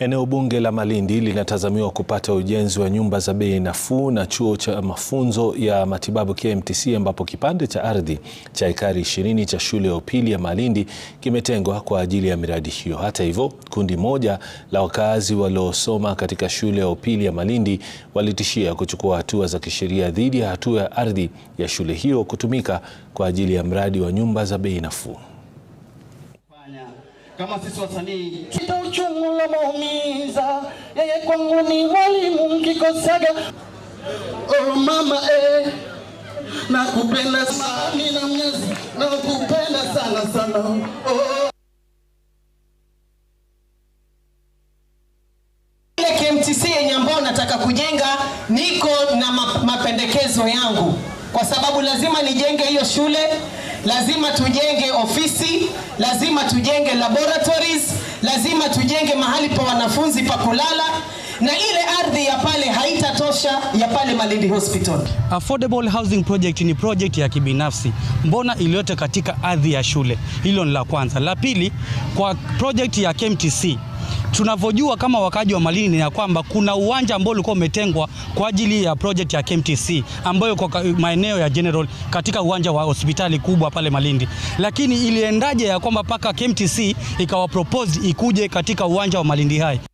Eneo bunge la Malindi linatazamiwa kupata ujenzi wa nyumba za bei nafuu na chuo cha mafunzo ya matibabu KMTC ambapo kipande cha ardhi cha ekari 20 cha shule ya upili ya Malindi kimetengwa kwa ajili ya miradi hiyo. Hata hivyo, kundi moja la wakazi waliosoma katika shule ya upili ya Malindi walitishia kuchukua hatua za kisheria dhidi ya hatua ya ardhi ya shule hiyo kutumika kwa ajili ya mradi wa nyumba za bei nafuu kama sisi wasanii ita uchungu la maumiza yeye kwangu ni mwalimu mkikosaga oh mama eh nakupenda sana na mnyezi nakupenda sana sana oh KMTC yenye ambayo nataka kujenga niko na mapendekezo yangu kwa sababu lazima nijenge hiyo shule lazima tujenge ofisi, lazima tujenge laboratories, lazima tujenge mahali pa wanafunzi pa kulala na ile ardhi ya pale haitatosha ya pale Malindi Hospital. Affordable Housing Project ni project ya kibinafsi, mbona iliyote katika ardhi ya shule? Hilo ni la kwanza. La pili, kwa project ya KMTC tunavyojua kama wakaji wa Malindi ni ya kwamba kuna uwanja ambao ulikuwa umetengwa kwa ajili ya project ya KMTC ambayo kwa maeneo ya General katika uwanja wa hospitali kubwa pale Malindi, lakini iliendaje ya kwamba mpaka KMTC ikawa propose ikuje katika uwanja wa Malindi hai